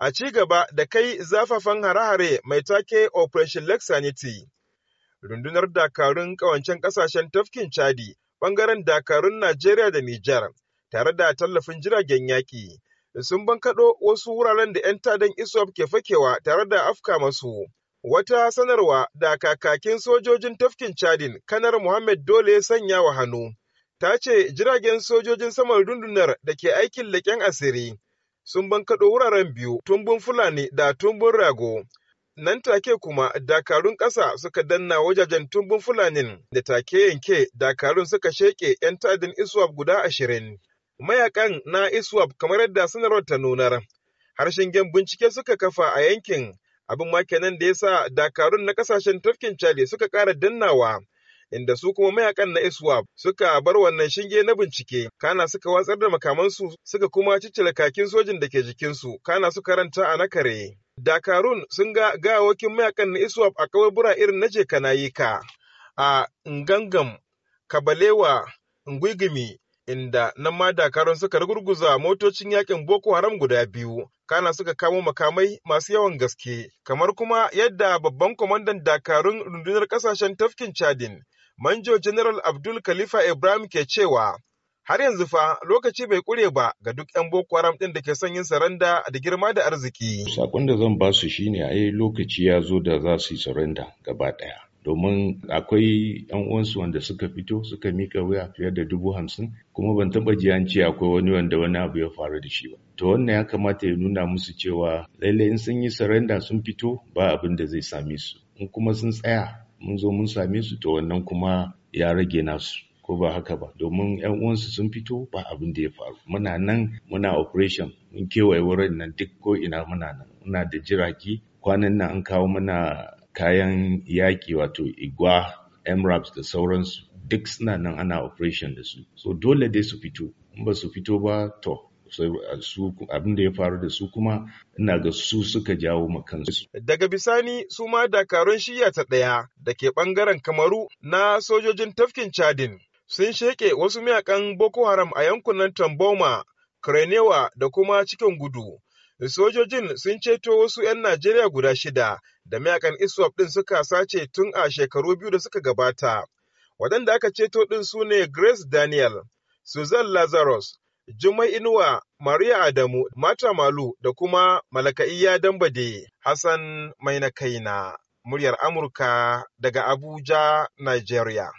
a ci gaba da kai zafafan hare-hare mai take Operation Lake Sanity. Rundunar dakarun ƙawancen ƙasashen tafkin Chadi, ɓangaren dakarun Najeriya da Nijar, tare da tallafin jiragen yaƙi, sun bankaɗo wasu wuraren da 'yan tadan ISWAP ke fakewa tare da afka masu. Wata sanarwa da kakakin sojojin tafkin Chadin, Kanar Muhammad Dole sanya wa hannu, ta ce jiragen sojojin saman rundunar da ke aikin leƙen asiri sun bankaɗo wuraren biyu tumbun Fulani da tumbun Rago. Nan take kuma dakarun ƙasa suka danna wajajen tumbun Fulanin da take yanke dakarun suka sheƙe 'yan tadin Iswap guda ashirin. Mayakan na Iswap kamar yadda sanarwar ta nunar, harshen gen bincike suka kafa a yankin abin ma kenan da ya sa dakarun na ƙasashen tafkin Chale suka ƙara dannawa. inda su kuma mayakan na ISWAP suka bar wannan shinge na bincike, kana suka watsar da makamansu suka kuma ciccire kakin sojin da ke jikinsu, kana su karanta a nakare. Dakarun sun ga gawokin mayakan na ISWAP a kawai irin na je yi ka. a Ngangam, Kabalewa, Ngwigimi, inda nan ma dakarun suka rugurguza motocin yakin Boko Haram guda biyu, kana suka kamo makamai masu yawan gaske, kamar kuma yadda babban kwamandan dakarun rundunar kasashen tafkin Chadin, Manjo General Abdul Khalifa Ibrahim ke cewa har yanzu fa lokaci bai kure ba ga duk 'yan boko haram ɗin da ke son yin saranda da girma da arziki. Sakon da zan basu su ne a lokaci ya zo da za su yi saranda gaba ɗaya. domin akwai yan uwansu wanda suka fito suka mika wuya fiye da dubu hamsin kuma ban taɓa ji an ce akwai wani wanda wani abu ya faru da shi ba to wannan ya kamata ya nuna musu cewa lallai in sun yi saranda sun fito ba abin da zai same su in kuma sun tsaya mun zo mun same su to wannan kuma ya rage nasu ko ba haka ba domin yan uwansu sun fito ba abin da ya faru muna nan muna operation mun kewaye wurin nan duk ko ina muna nan muna da jiraki kwanan nan an kawo mana kayan yaki wato igwa mraps da sauransu duk suna nan ana operation da su so dole dai su fito in ba su fito ba to abin da ya faru da su kuma ina ga su suka jawo makansu. Daga bisani su ma dakarun shiya ta ɗaya da ke ɓangaren kamaru na sojojin tafkin Chadin sun sheƙe wasu mayakan Boko Haram a yankunan Tamboma, Krenewa da kuma cikin gudu. Sojojin sun ceto wasu 'yan Najeriya guda shida da mayakan ISWAP ɗin suka sace tun a shekaru biyu da suka gabata. Waɗanda aka ceto ɗin su ne Grace Daniel, Suzanne Lazarus, Jummai Inuwa, Maria Adamu, Mata Malu da kuma Malaka'iya Dambade, Hassan mainakaina muryar Amurka daga Abuja, Nigeria.